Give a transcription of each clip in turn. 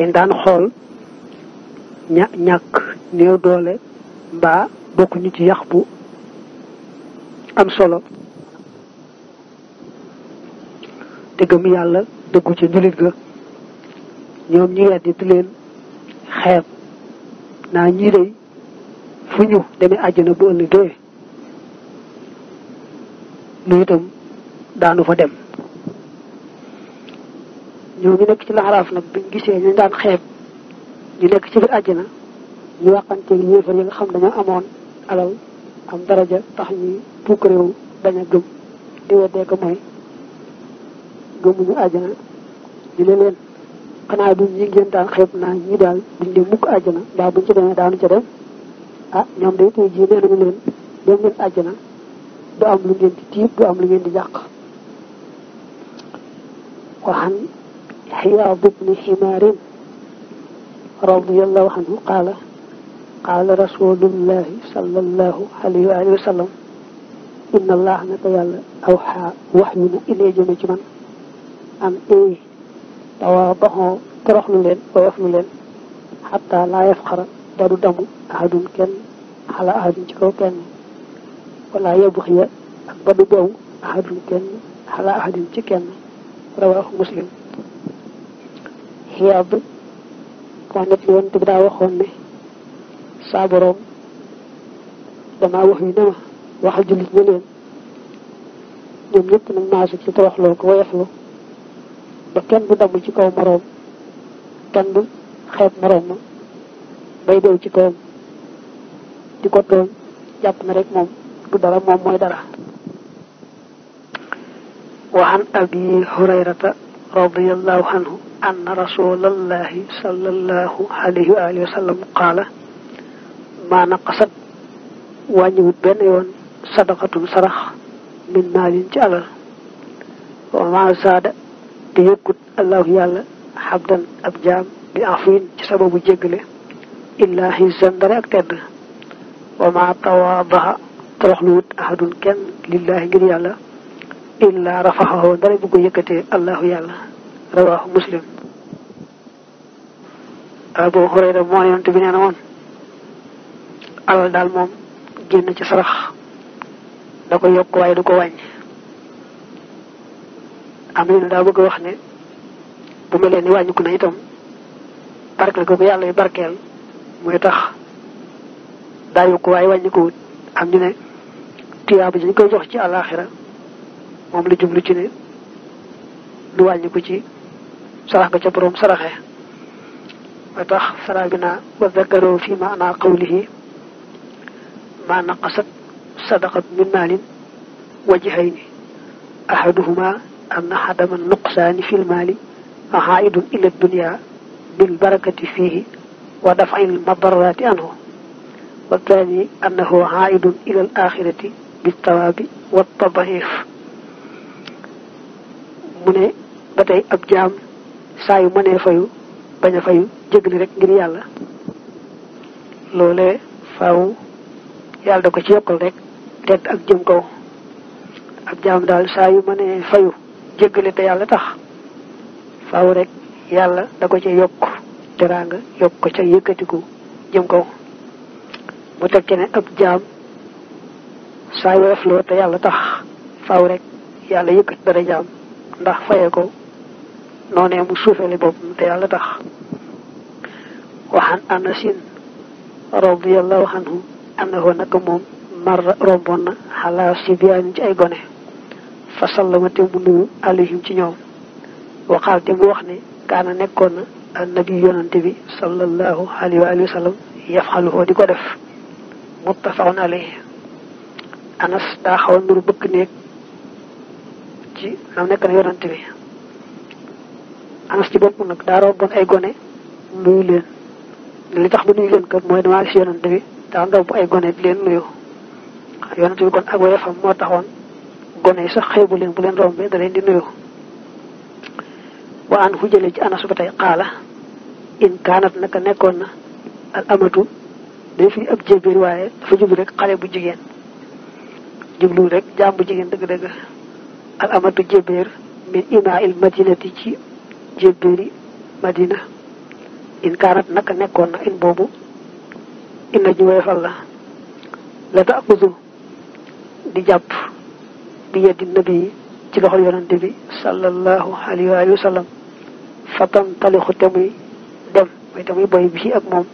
dañ daan xool ña ñàkk néew doole mbaa bokk ñu ci yax bu am solo te gëm yàlla dëggu ci njulit ga ñoom ñu weddi di leen xeeb naa ñii day fu ñu demee àjjana bu ëllëgee nu daanu fa dem ñoom ñu nekk ci laxaraaf nag biñ gisee ñu daan xeeb ñu nekk ci biir àjjana ñu waxanteeg yéefar yi nga xam dañoo amoon alal am daraja tax ñuy puuk réew bañ a gëm di weddee ko mooy gëmuñu àjjana ñu ne leen xanaa bi ñi ngeen daan xeeb naa ñi daal duñ dem mukk àjjana mbaa daanu ca dem ah ñoom day tey jii nee leen dem leen àjjana du am lu ngeen di tiit du am lu ngeen di jàq waxaan xiwaad bni ximaarin radiallahu anhu qaala qaala rasulullahi sallallahu alayhi wa alihi wa sallam inna allah naka yàlla aw xaa wax ñu na ilee jëme ci man an ay dawaa baxoo toroxlu leen woyof lu leen xataa laa yafxara dadu damu ahadun kenn xala ahadun ci kaw kenn wala yabxiya ak ba du boobu ahadun kenn xala ahadun ci kenn rawaahu muslim Xiyaad ko wax net li woon te bi daa waxoon ne saa boroom wax yu ne ma waxal jullit ñu leen ñoom ñëpp nag maasu ci toroxloo ko woyoflu ba kenn du damm ci kaw moroom kenn du xeeb moroom ma bay dow ci kawam di ko jàpp na rek moom du dara moom mooy dara wa abi hurayrata radiyallahu anhu anna rasulallahi sallallahu alayhi wa alihi wa sallam qaala maa naqasat wàññiwut benn yoon sadaqatum sarax min maalin ci alal wa maa zaada te yokkut allahu yàlla xabdan ab jaam bi afwin ci sababu jéggale illaa hisan dara ak tedd wa maa tawaadaha toroxluwut ahadun kenn lillaahi ngir yàlla illaa rafaxahu dara bu ko yëkkatee allahu yàlla rawaahu muslim abu hurayra moo ne yonent bi nee na woon alal daal moom génn ci sarax da ko yokk waaye du ko wàññi am na daa bëgg wax ne bu melee ni wàññiku na itam barkeel ko ko yàlla yu barkeel mooy tax daa yokk waaye wàññi ko wut am ñu ne tuyaaba ji ñu koy jox ci àllaaxira moom la jublu ci ne du wàññiku ci sarax ga ca borom saraxe ba tax sara bi naa wa zakaroo fi maana qawlihi ma naqasat sadaqat min maalin wajhayni ahaduhuma anna hadama nuqsaani fil maali ahaidun ila dunya bil barakati fihi wa daf'il madarrati anhu wa thani annahu aidun ila al axirati bit tawaabi wa tadhiif mu ne ba tey ab jaam saa yu mënee fayu bañ a fayu jégalu rek ngir yàlla loolee faaw yàlla da ko ci yokkal rek tedd ak jëm kaw ab jaam daal saa yu mënee fayu jéggale te yàlla tax faaw rek yàlla da ko ci yokk teraanga yokk ko ca yëkkatiku jëm kaw mu teg ci ne ab jaam saa yu rafloo te yàlla tax faaw rek yàlla yëkkati dara jaam ndax faye ko noonee mu suufale boppam te yàlla tax waxaan anasin radiyallahu anhu annahu naka moom mar romboon na xalaa sibyaanin ci ay gone fa sallama te mu nuyu alayhim ci ñoom waxaal te mu wax ne kaana nekkoon na annabi yonante bi sallallahu alayhi wa alihi wa sallam yafxaluhoo di ko def muttafaqun alayhi anas daa xaw a nuru ci am nekk na yonante bi anas ci boppam nag daa romboon ay gone nuyu leen li tax bu nuyu leen kat mooy damaa gis yonante bi daa romb ay gone di leen nuyu yonante bi kon ak woyofam moo taxoon gone yi sax xeebu leen bu leen rombee da leen di nuyu wa an xujale ci anas ba tey xaala in kaanat naka nekkoon na al amatu day fi waaye dafa jublu rek xale bu jigéen jublu rek jaam bu jigéen dëgg-dëgg al amatu jébbéer min ima il ci jébbéeri madina in kaanat naka nekkoon na in boobu inna ji woyofal la la di jàpp bi yeddi nabi yi ci loxol yonante bi sallallahu alayhi wa sallam fatan dem mooy te boy bi ak moom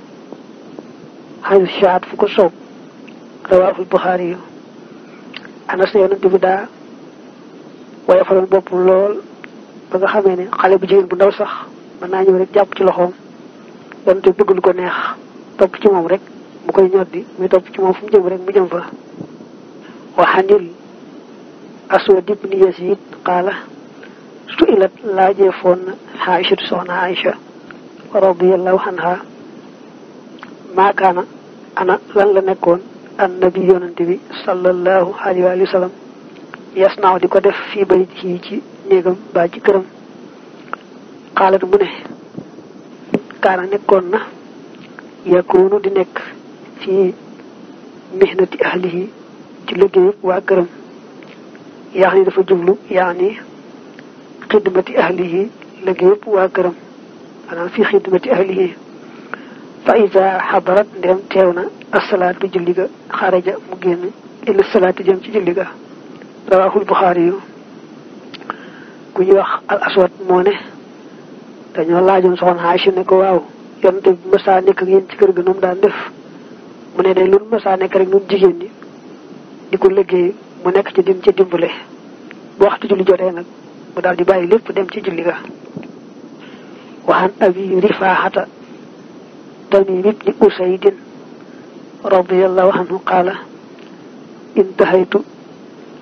xayu shaat fu ko soob rawaahul buxaari yu daa waaye faral bopp lool ba nga xamee ne xale bu jigéen bu ndaw sax mën rek jàpp ci loxoom donte bëgg lu ko neex topp ci moom rek mu koy ñoddi muy topp ci moom fu mu jëm rek mu jëm fa waxanil aswad ibni yasid qaala su ilat laajee foon na xaïchatu soxna aïcha radiallahu anha maakaana ana lan la nekkoon an nabi yonante bi sallallahu alayhi wa yasnaaw di ko def fii bari ci ci néegam ba ci këram xaalat mu ne kaana nekkoon na yakunu di nekk fii mihnati ahlihi ci liggéeyu waa këram yaani dafa jublu yaani xidmati ahlihi liggéeyu waa këram maanaam fii xidmati ahlihi fa iza xadarat ndem teew na asalaatu julli ga xaraja mu génn ila salaatu jëm ci julli ga rawaaxul buxaari yu ku ñuy wax al aswad moo ne dañoo laajoon soxna Aysa ne ko waaw yonte bu mësaa nekk ak yéen ci kër ga nu jigéen ñi di ko liggéey mu nekk ci dim ci dimbale bu waxtu julli jotee nag mu daal di bàyyi lépp dem ci julli ga waxaan abi rifaahata tamim ibni usaydin radiallahu anhu qaala intaxaytu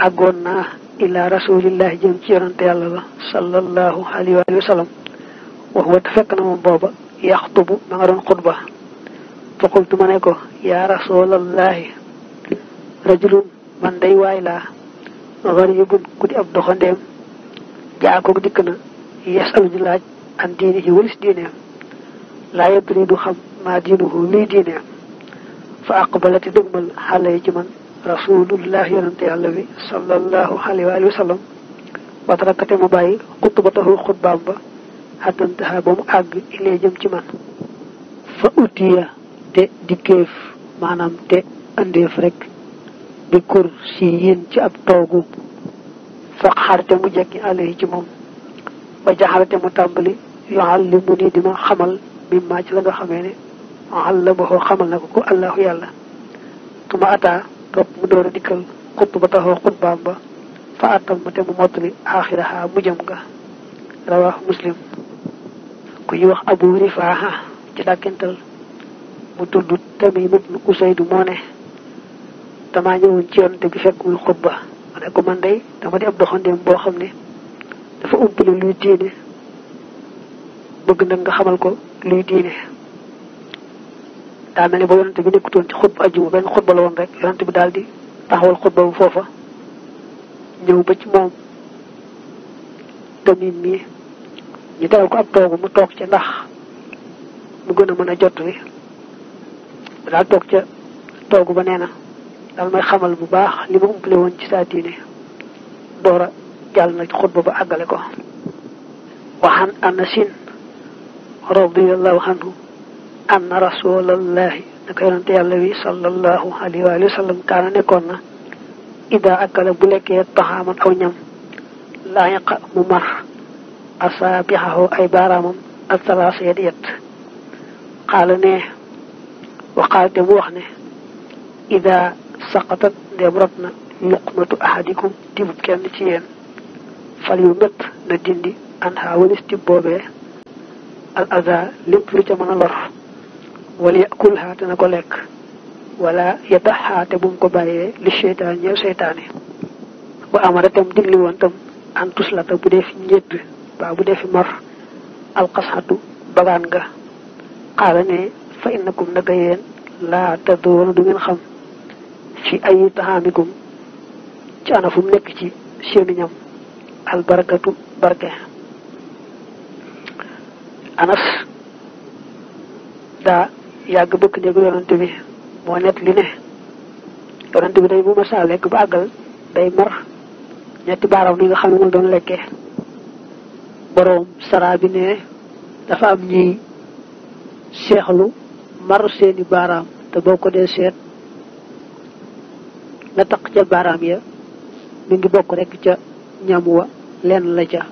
àggoon naa ila rasulillahi jëm ci yonante yàlla la sallallahu alayhi wa sallam wax wa te fekk na moom booba yaxtubu ma nga doon xutba fa qultu ma ne ko yaa rasulallahi rajulun man day waay laa ku di ab doxandeem jaa ko dikk na laaj an diini yi walis diineem laa yedri du xam maa diinuhu luy diineem fa aqbalati rasulullah yonante yàlla bi sallallahu alayhi wa sallam wa tarakate mu bàyyi xutbatahu xutbaam ba xattantaha ba mu àgg ilee jëm ci man fa utiya te dikkeef maanaam te andeef rek bi kur si yéen ci ab toogu fa xarte mu jekki alayhi ci moom ba jaxarte mu tàmbali yoxal li mu ni dima xamal mi maa ci la nga xamee ne àlla na ko yàlla tuma ataa topp mu door a dikkal xutb ba taxaw xutbaam ba fa àttam ma te mu mottali aaxiraha mu jëm nga rawaax muslim ku ñuy wax abu rifaaha ci dàkkental mu tudd tamit ibnu usaydu moo ne damaa ñëwoon ci yoon bi fekk muy xutba ma ne ko man day dama di ab doxandeem boo xam ne dafa umpale luy diine bëgg nag nga xamal ko luy diine daa mel ne ba bi nekkutoon ci xutba ajjuma benn xutba la woon rek yonante bi daal di taxawal xutba foofa ñëw ba ci moom tamit mii ñu tegal ko ab toogu mu toog ca ndax mu gën a mën a jot wi daal toog ca toogu ba nee na daal may xamal bu baax li ma umpale woon ci saa diine door a jàll na xutba ba àggale ko waxan anasin radiallahu anhu anna rasulallahi naka yonante yàlla wi sallallahu alayhi wa sallam kaana nekkoon na ida bu lekkee taxaaman aw ñam laayaqa mu mar asaabixahu ay baaraamam ak salaasa yet yet xaala ne te mu ne ida saqatat ndeem rot na luqmatu ahadikum tibub kenn fal yu na dindi an ha walis al aza lépp lu ca mën wala yakulha dana ko lekk wala yataxa bu mu ko bàyyee li seytaan ñëw seytaane wa amara tam digli tam an tuslata bu dee fi njëdd baa bu dee fi mor alxasxatu bagaan nga xaala ne fa innakum naka yéen laa taddoona du ngeen xam ci ay taxaamikum ci ana fu nekk ci seeni ñam albarakatu barke anas daa yàgg bëkk néegu yonent bi moo net li ne yonent bi day bu ma saa lekk ba àggal day mar ñetti baaraam yi nga xam ne doon lekkee boroom saraa bi ne dafa am ñuy seexlu mar seeni baaraam te boo ko dee seet la taq ca baaraam ya mu ngi bokk rekk ca ñam wa lenn la ca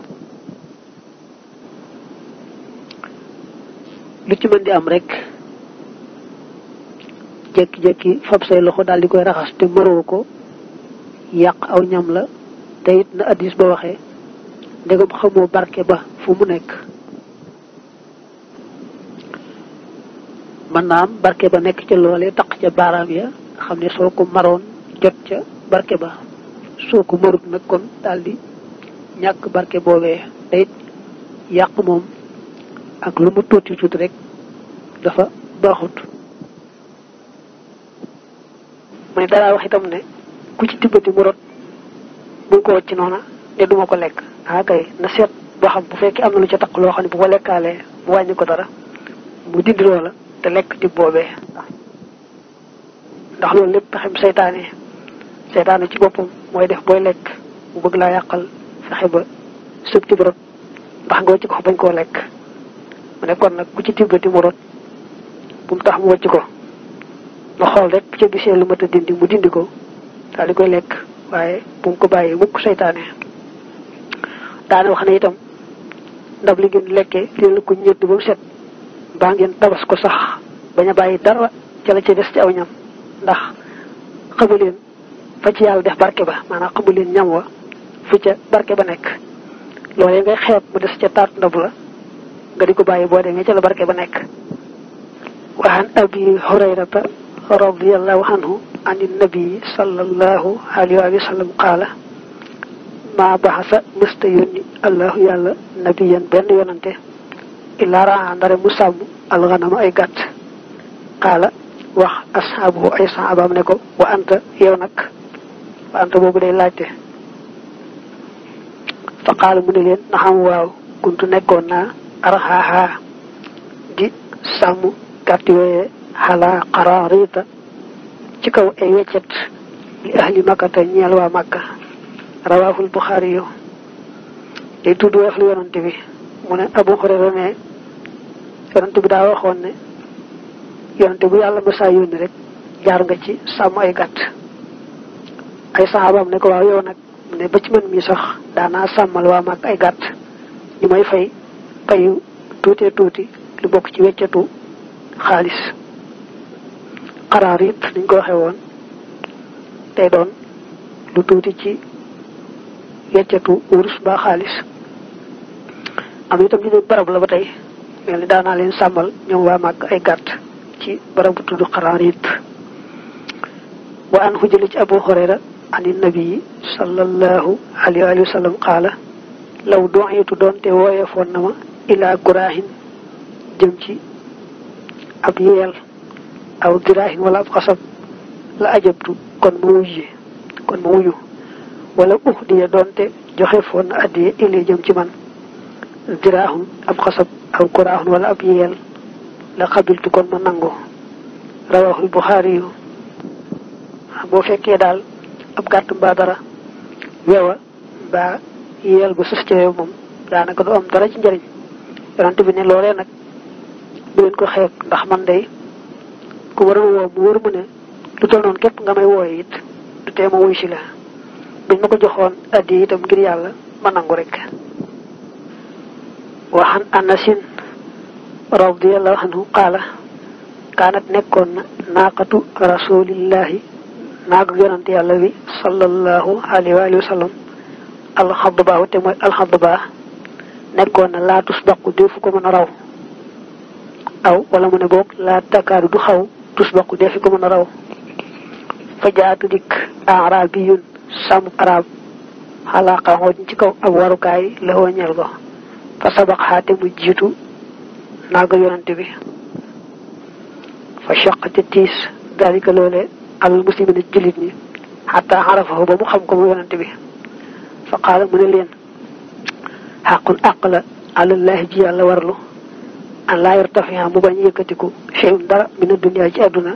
lu ci mën di am rekk jékki-jékki fab say loxo daal di koy raxas te mëroo ko yàq aw ñam la te it na addis ba waxee ndegam xamoo barke ba fu mu nekk man naa am barke ba nekk ca loolee taq ca baaraam ya xam ne soo ko maroon jot ca barke ba soo ko marut nag kon di ñàkk barke boobee te yàq moom ak lu mu tuuti tuuti rek dafa baaxut mu ne danaa wax itam ne ku ci tibbati mu rot bul ko wacc noona ne duma ko lekk ah kay na seet boo xam bu fekkee am na lu ca taq loo xam ne bu ko lekkaalee mu ko dara mu dindi loola te lekk tibb boobee ndax loolu lépp pexem seytaane seytaane ci boppam mooy def booy lekk mu bëgg laa yàqal fexe ba sëb tibb rot ndax nga wacc ko bañ koo lekk mu ne kon nag ku ci tibbati mu rot bu mu tax mu wacc ko mu xool rek bu ca gisee lu mat a dindi mu dindi ko daal di koy lekk waaye bu mu ko bàyyee mukk seytaane daana wax ne itam ndab li ngeen lekkee leen ko ñëdd ba mu set baa ngeen tabas ko sax bañ a bàyyi dara ca la ca des ci aw ñam ndax xamu leen fa ci yàlla def barke ba maanaam xamu leen ñam wa fu ca barke ba nekk loolee ngay xeeb mu des ca taat ndab la nga di ko bàyyi boo demee ca la barke ba nekk waxaan abi hurayrata radiyallahu anhu an nabi sallallahu alayhi wa sallam qaala maa baxasa mësta yónni allahu yàlla nabiyan benn yonante illaa raa ndare mu sàmm alxanama ay gàtt qaala wax asxaabu ay saxaabaam ne ko wa anta yow nag wa anta boobu day laajte fa qaala mu ne leen naxam waaw kuntu nekkoon naa arxaaxaa di sàmm gàtt yooyee xalaa xaraarita ci kaw ay weccet li ahli makkata ñeel waa makka rawaahul buxaari yu day tudd waxlu yonante bi mu ne abu xurayra ne yonante bi daa waxoon ne yonante bu yàlla ba saa yónni rek jaar nga ci sàmm ay gàtt ay saxaabaam ne ko waaw nag mu ne ba man mii sax daanaa sàmmal waa mag ay gàtt ñu may fay payu tuute tuuti lu bokk ci weccetu xaalis xaraar it niñ ko waxee woon tey doon lu tuuti ci yeccatu wurus ba xaalis am itam ñu ne barab la ba tey mel ni daanaa leen sàmmal ñoom waa màgg ay gàtt ci barab bu tudd xaraar it wa an xujële ci abu hurayra ani nabii sallallahu alayhi wa sallam qaala law doxitu doonte wooyee na ma ilaa guraahin jëm ci ab yeel aw diraahin wala ab xasab la ajabtu kon ma wuyye kon ma wuyu wala uhdiya doonte joxe foon na addiye illee jëm ci man diraahun ab xasab aw kuraahun wala ab yeel la xabiltu kon ma nango rawaxul buxaari yu boo fekkee daal ab gàtt mbaa dara weewa mbaa yeel gu sus moom daanaka du am dara ci njëriñ yonent bi ne loolee nag bu ko xeeb ndax man day ku war a woo mu wër mu ne lu toll noonu képp nga may wooye it du tee ma wuy la buñ ma ko joxoon addi itam ngir yàlla ma nangu rek waxan anasin radiallahu anhu qaala kaanat nekkoon na naaqatu rasulillahi naagu yonante yàlla wi sallallahu alayhi wa na laatus baqu defu ko mën a mu ne boog laa takkaadu du xaw tus bokk ko mën a raw fa jaatu dikk arabiyun sàmm arab xalaaqa xooj warukaay la woo ñeel ko fa sabax xaate jiitu naaga yonante bi fa choq ca tiis dalika loole alal muslimina jullit ñi xataa xarafahu ba mu xam ko mu yonante bi fa qaala mu ne leen xaqun àq la alallahi ji yàlla an laa yartafiya mu bañ yëkkatiku cheyun dara mina dunia ci àdduna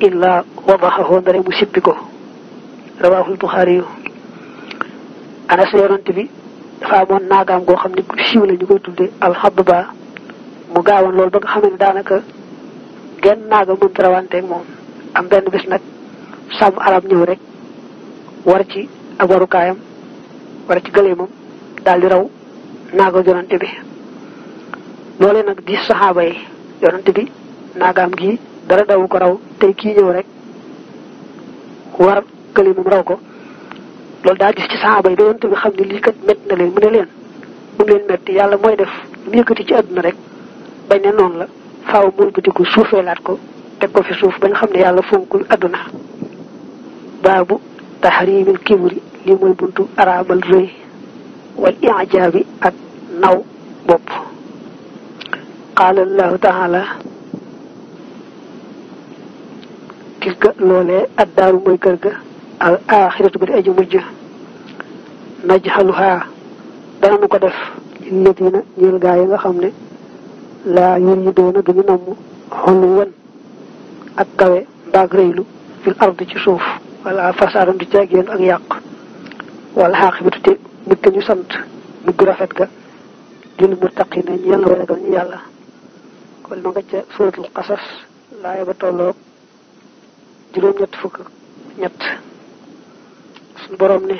illa wadaxahu ndare mu sippi ko rawaahul buxaari yu anas yonante bi dafa amoon naagaam goo xam ne siiw la ñu koy tudde alxabba mu gaawoon loolu ba nga xam ne daanaka genn naaga mënut rawanteeg moom am benn bis nag sàmm arab ñëw rek war ci ab warukaayam war ci gëleemam daal di raw naaga yonante bi loolee nag di saxaaba yi yonent bi naagaam gi dara dawu ko raw tey kii ñëw rek war këli moom raw ko loolu daa gis ci saxaaba yi ba yonent bi xam ne lii kat métti na leen mu ne leen mu yàlla mooy def mu yëkkati ci àdduna rek bañ ne noonu la faaw mu bëtiku suufeelaat ko teg ko fi suuf bañ xam ne yàlla fonkul àdduna baabu tahrimil kibri lii mooy buntu araamal rëy wal ijaabi ak naw bopp qaala allahu taala tilka loolee ad mooy kër ga al axiratu bi di aju mujj najxaluhaa danañu ko def lilladina ñeel gaa yi nga xam ne laa yuriduuna duñu namm xuluwan ak kawe mbaag rëylu fil ard ci suuf wala fasaadam di caag ak yàq wala xaaqibatu te mujj ñu sant mujj rafet ga lil muttaqina ñeel na wala ñu yàlla kon ma nga ca suratul xasas laaya ba tolloog juróom-ñett fukk ñett suñu boroom ne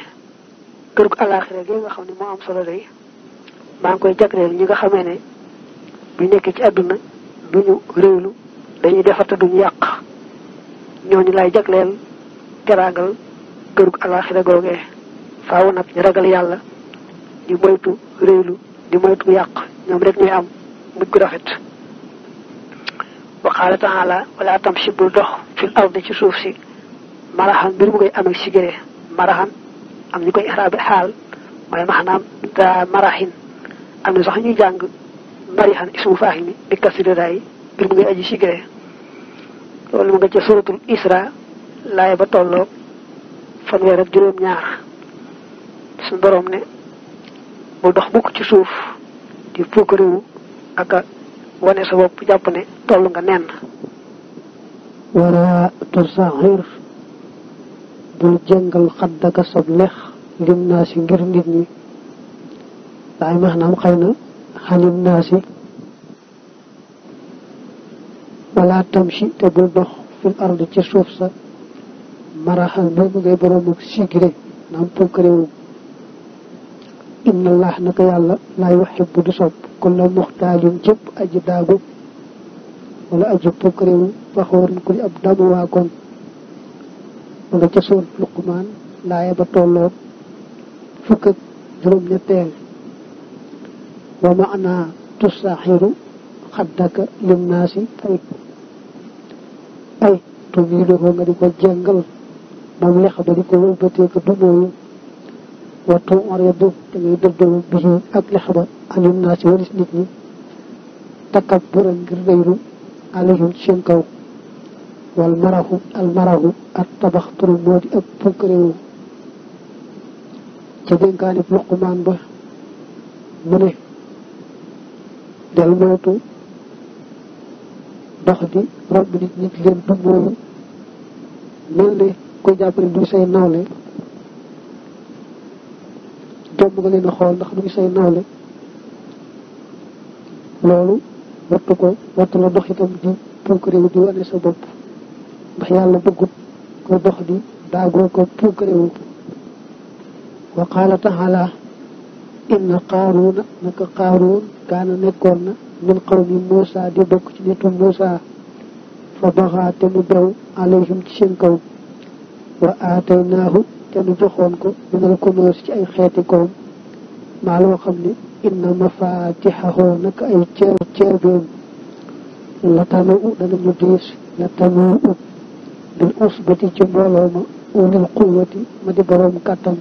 kër gu alaaxira gi nga xam ne moo am solo day maa ngi koy jagleel ñi nga xamee ne bu nekkee ci àdduna duñu réewlu dañuy defar te duñu yàq ñooñu lay jagleel teraagal kër gu alaaxira googee faaw nag ñu ragal yàlla di moytu réewlu di moytu yàq ñoom rek ñuy am mujj gu rafet xaala taala wala tamshi bul dox fil ardi ci suuf si maraxan mbir mu koy amee si maraxan am ñu koy ixraabi xaal mooy maxnaam daa maraxin am na sax ñuy jàng marixan ismu faaxil mi bi kasri mu ngay aji si gëre mu nga ca suratul isra laay ba tolloo fanweer ak juróom-ñaar suñu borom ne bul dox mukk ci suuf di fukk réewu wane sa bopp ne toll nga nenn wala tusaxir bul jëngal xaddaka sab lex lim naa si ngir nit ñi waaye maanaam xëy na xalim naa si wala tamshi te bul dox fil ardi ci suuf sa maraxal boobu ngay boroom sigre naam pokkaréwum inna allah naka yàlla lay waxe bu du sopp kulla muxtaajum cëpp aji daagu wala aju pokkaréewu faxoorin ku di ab damuwaa wala ca sool luqmaan laaya ba tolloog fukk ak juróom ñetteel wa maanaa tusaxiru xaddaka linnaasi tayit ay tumiiluhu nga di ko jàngal moom lex ba di ko wëlbateeka dumóoyu wa tuumar ya dub te muy dëbdëbu bi ak lex ba anum naa si walis nit ñi takkab buran ngir rëylu wal maraxu al tabax turu ak punk réewu ca dénkaanib luqumaan ba mu ne del mootu dox nit ñi leen du ko jàppale du say nawle tomb nga leen a xool ndax muy say loolu wattu ko wattu la dox itam di puukarewu di wane sa bopp ndax yàlla bëggut ko dox di daagoo ko puukarewu wa qaala taala inna qaaruuna naka qaaruun kaana nekkoon na min qawmi Muusa di bokk ci nitu Muusa fa baxaa te mu bew alayhim ci seen wa aataynaahu te nu joxoon ko minal kunuus ci ay xeeti koom maa loo xam ne inna mafatixahu naka ay ceeb ceeboom la tama u danañu diis la tama u bil usbati ci mbooloo ma ulil ma di boroom kàttan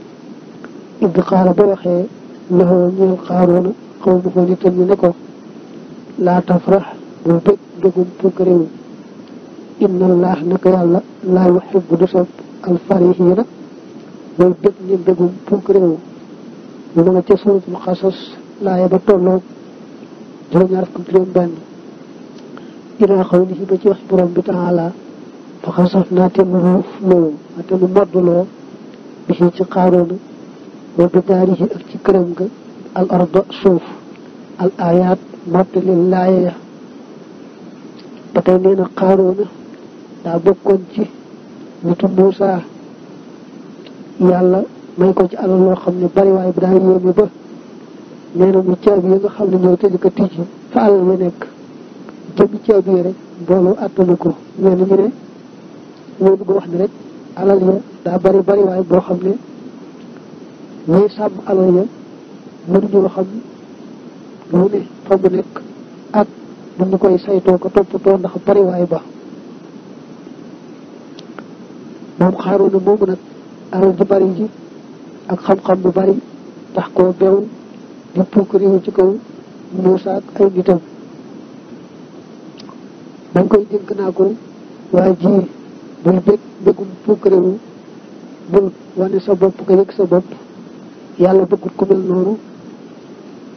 id xaala ba waxee loxoo ñeel xaaroona xaw ma ko nitam ñu ne bu bëgg dugum pëgg réew inna allah naka yàlla laa yuxibu du sopp alfarixiina mooy bëgg ngeen bëggum pour que réew mu nga ca suratul xasas ba tolloo juróom-ñaar fukk juróom benn ilaa xaw li ba ci wax bi taala fa xasaf naa te mu ruuf loolu te mu moddloo bi si ci xaaroona wa bi daarihi ak ci këram nga al arda suuf al ayaat mottali laaya ya ba tey nee na daa bokkoon ci nitu Muusaa yàlla may ko ci alal loo xam ne bari bi daal yéeme ba nee na mu caabi yi nga xam ne ñoo tëj ko tijji fa alal ma nekk jëmmi caabi yi rek mbooloo àttanu ko nee na ñu ne wax ne rek alal ya daa bari bari boo xam ne ñuy sàmm alal ya mënuñoo xam ne fa mu nekk ak bu ñu koy saytoo ko toppatoo ndax bari ba moom xaaroon na moomu nag alal ju bari ji ak xam-xam bu bari tax koo bew di pukkariwu ci kaw Muusa ak ay nitam dañ koy dénk naa ko waa ji bul bég bégum pukkariwu bul wane sa bopp nga yëg sa bopp yàlla bëggut ku mel noonu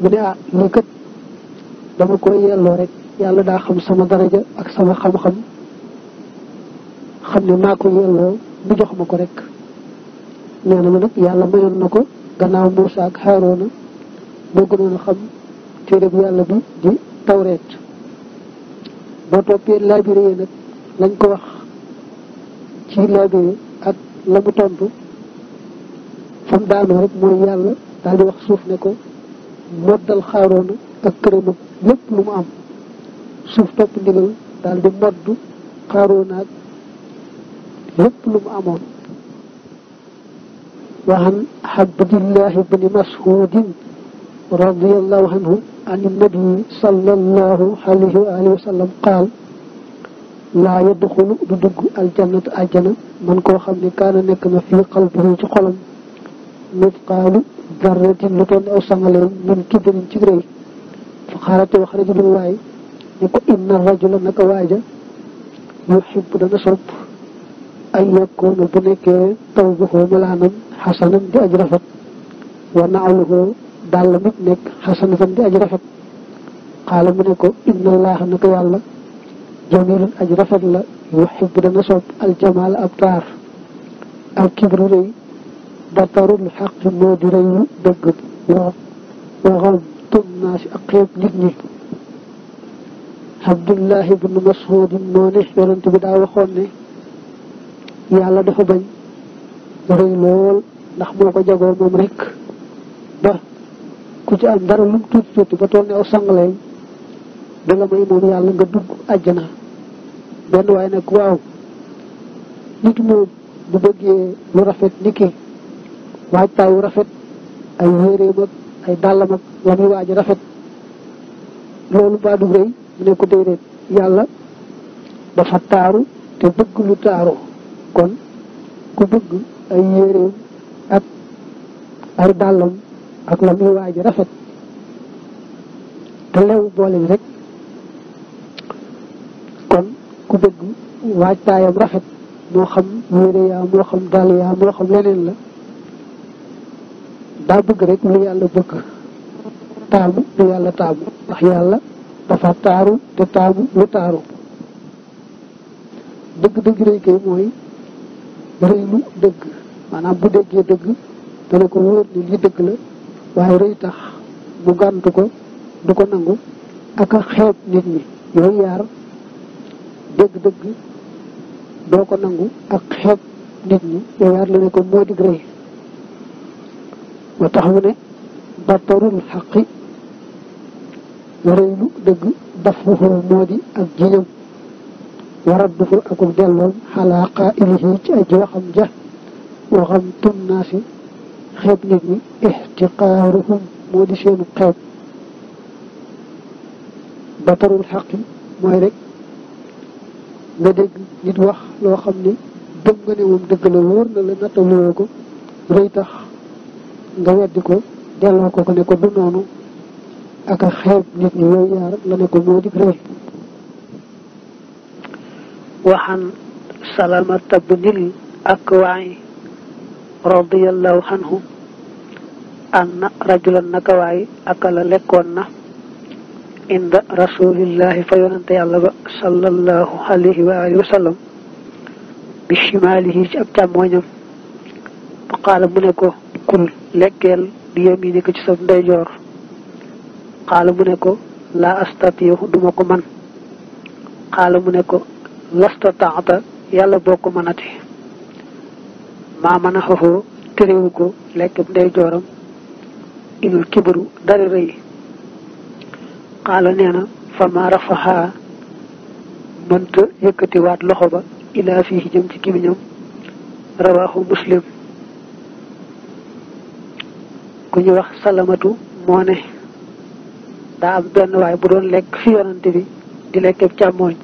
mu ne ah lii dama koy yelloo rek yàlla daa xam sama daraja ak sama xam-xam xam ne maa ko yelloo mu jox ma ko rek nee na ma nag yàlla mayoon na ko gannaaw Muusa ak Haaruna moo gënoon a xam téereb yàlla bi di tawreet boo toppee laabiré nag lañ ko wax ci laabiré ak la mu tontu fa mu daanoo rek mooy yàlla daal di wax suuf ne ko moddal Haaruna ak këram ak lépp lu mu am suuf topp ndigal daal di modd Haaruna lépp lu mu amoon وعن عبد الله بن مسعود رضي الله عنه عن النبي صلى الله عليه وآله وسلم قال لا يدخل ددق الجنة الجنة من كو خمني كان نكنا في قلبه في قلم مثقال ذرة لتون أو سنغلين من كبر تجري فقالت وخرج بالله نكو إن الرجل نكواجة يحب دنا صوب ay yakkoona bu nekkee taw bu xoo malaanam xasanam di aj rafet war na awlu ko dàll ko yàlla jamilun rafet la yuhibbu dana sopp aljamaal ab taar al kibru rëy batarul xaq moo di rëyu dëgg wa waxam tum si ak xeeb nit ñi abdullahi ibnu mas'ud moo ne yonent yàlla dafa bañ mu rëy lool ndax moo ko jagoo moom rek ba ku ci am dara lu mu tuuti tuuti ba toll ne aw sangaleem dala may moom yàlla nga dugg àjjana benn waaye nag waaw nit moom bu bëggee lu rafet ni ki waajtaayu rafet ay wéeréem ak ay dàllam ak la waaj rafet loolu baa du rëy mu ne ko déedéet yàlla dafa taaru te bëgg lu taaroo kon ku bëgg ay yéreem ak ay dàllam ak la muy rafet te lew booleñ rek kon ku bëgg waajtaayam rafet moo xam yére yaa moo xam dàll yaa moo xam leneen la daa bëgg rek lu yàlla bëgg taamu lu yàlla taamu ndax yàlla dafa taaru te taamu lu taaru dëgg dëgg rek mooy rëylu dëgg maanaam bu déggee dëgg dana ko wóor ni lii dëgg la waaye rëy tax mu gàntu ko du ko nangu ak a xeeb nit ñi yooyu yaar dégg-dëgg doo ko nangu ak xeeb nit ñi yooyu yaar la ko moo rëy moo tax mu ne batarul xaqi rëylu dëgg daf moo di ak jiñam waradduhu akub delloom xalaa qaa'ilihi ci aji waxam ja waxam tunnaasi xeeb nit ñi ixtiqaaruhum moo di seenu xeeb mooy rek nga dégg nit wax loo xam ni dëm nga ne moom dëgg la wóor na la nattaliwoo ko rëy tax nga weddi ko ko ne ko du noonu ak a xeeb nit ñi yow la ne ko moo di waxan salamata bunil ak waay radiyallahu anhu anna rajulan naka waay akala lekkoon na inda rasulillahi fa yonante yàlla ba alihi wa sallam bi shimaalihi ci ab càmmooñam fa qaala mu ne ko kul lekkeel di yem ci sa ndeyjoor qaala mu ne ko laa astatiyu duma ko man qaala mu ne ko lasta taata yàlla boo ko mënati maa mën a xofoo ko lekk bu ndey jooram inul kibaru dara rëy xaala nee na rafaxaa mënta yëkkatiwaat loxo ba ilaa fii jëm ci gémmiñam rawaaxu muslim ku ñu wax salamatu moo ne daa am benn waay bu doon lekk fi yonante bi di lekk càmmooñ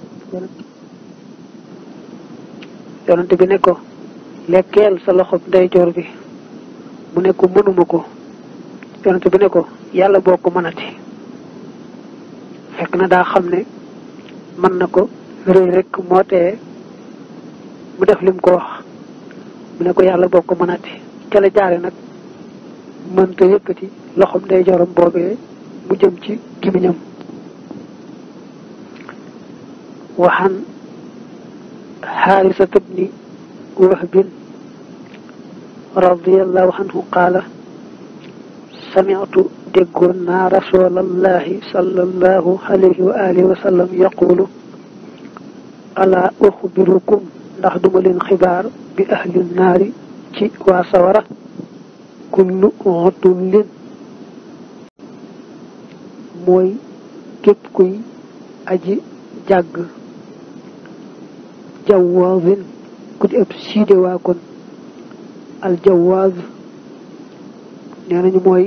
yonante bi ne ko lekkeel sa loxob ndeyjoor bi mu ne ko mënuma ko yonante bi ne ko yàlla boo ko mënati fekk na daa xam ne mën na ko rëy rek moo tee mu def lim ko wax mu ne ko yàlla boo ko mënati ca la jaare nag mënta yëkkati loxob ndeyjooram boobee mu jëm ci gimiñam waxaan حارثة بن وهب رضي الله عنه قال سمعت دقنا رسول الله صلى الله عليه وآله وسلم يقول ألا أخبركم نخدم الانخبار بأهل النار تي وصورة كل عطل موي كيب كوي أجي جاغ jawwaazin ku di ab kon al jawwaaz nee nañu mooy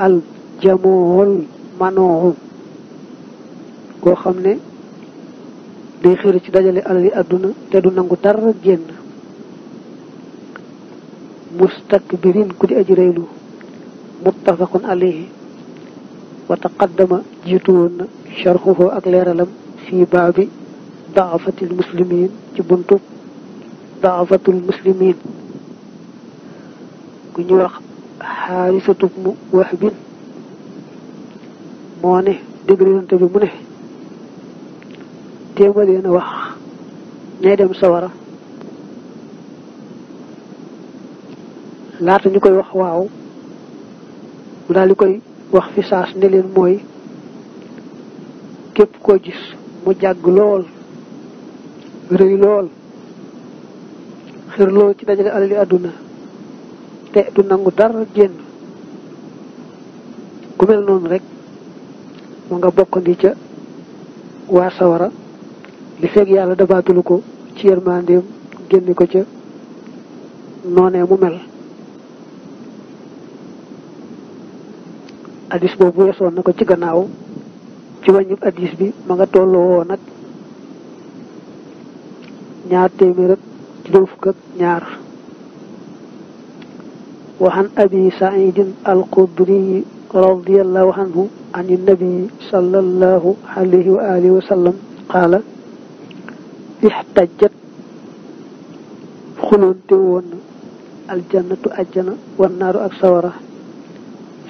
al jamoohol manooxu koo xam ne day xëri ci dajale alali àdduna te du nangu dara génn mustakbirin ku di aji reylu muttafaqun alayhi wa taqaddama jiitu woon na ak leeralam fii baabi daafatil muslimin ci buntu daafatul muslimin ku ñuy wax xaarisatu mu wax bin moo ne déglu yonent bi mu ne téema a wax ñay dem sawara laata ñu koy wax waaw mu daal di koy wax fi saas ne leen mooy képp koo gis mu jàgg lool rëy lool xir lool ci dajale alali àdduna te du nangu dara génn ku mel noonu rek mu nga bokk bokkandi ca waa sawara li fekk yàlla dabaatulu ko ci yërmandeem génne ko ca noonee mu mel addis boobu weesoon na ko ci gannaaw ci wàññub addis bi ma nga tolloo nag ñaar téeméer ak juróom fukk ak ñaar waxan abi saidin alxudri radiallahu anhu an nabi sallallahu alayhi wa alihi wa sallam qaala ixtajat xulonte woon aljannatu ajjana wan naaru ak sawara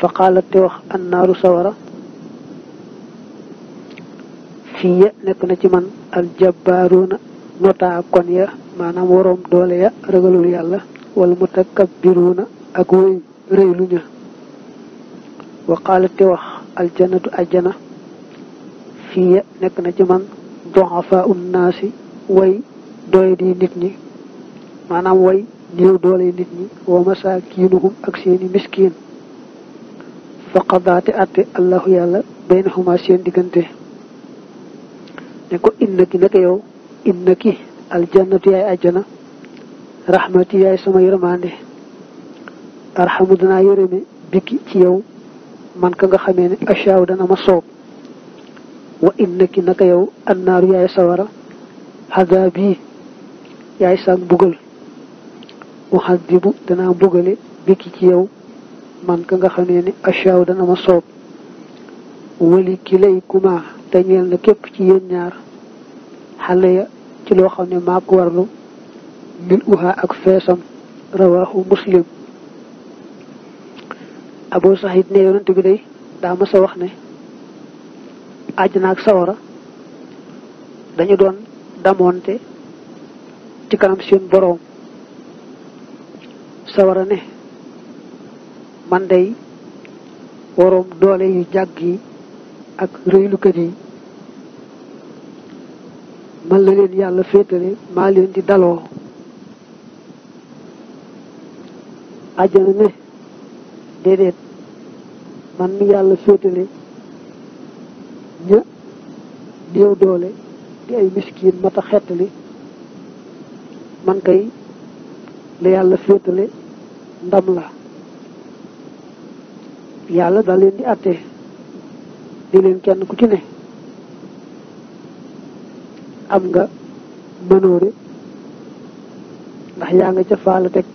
fa qaalat te wax an naaru sawara fii ya nekk na ci man aljabaaruuna nota ak kon ya maanaam waroom doole ya ragalul yàlla wala mutakabbiruuna ak wëy rëylu ña wa qaala te wax aljanatu ajjana fii nekk na ci man doxafa un naasi way doy di nit ñi maanaam way néew doole nit ñi wa masaakiinuhum ak seeni miskiin faqadaate atte allahu yàlla baynahuma seen diggante ne ko inna ki naka yow inna ki aljannatu yaay ajjana rahmati yaay sama yërmande arxamu ci yow man ka nga xamee dana ma soob wa inna yow annaaru yaay sawara xadaabi yaay saag mbugal uhadibu ci yow man ka nga xamee ne achaaw dana ma soob wali ki lay kuma te ñeel na képp ci yéen ñaar xale ya ci loo xam ne maa ko warlu mil uha ak feesam rawaahu muslim abu saxid ne yonent bi day daa mës wax ne àjjana ak sawara dañu doon damoonte ci kanam seen boroom sawara ne man day waroom doole yu jàgg yi ak kër yi man la leen yàlla féetale maa leen di daloo àjjana ne déedéet man mi yàlla féetale ña néew doole di ay miskiin mat a xettali man kay la yàlla féetale ndam la yàlla da leen di àtte di leen kenn ku ci ne am nga mënoore ndax yaa nga ca faala teg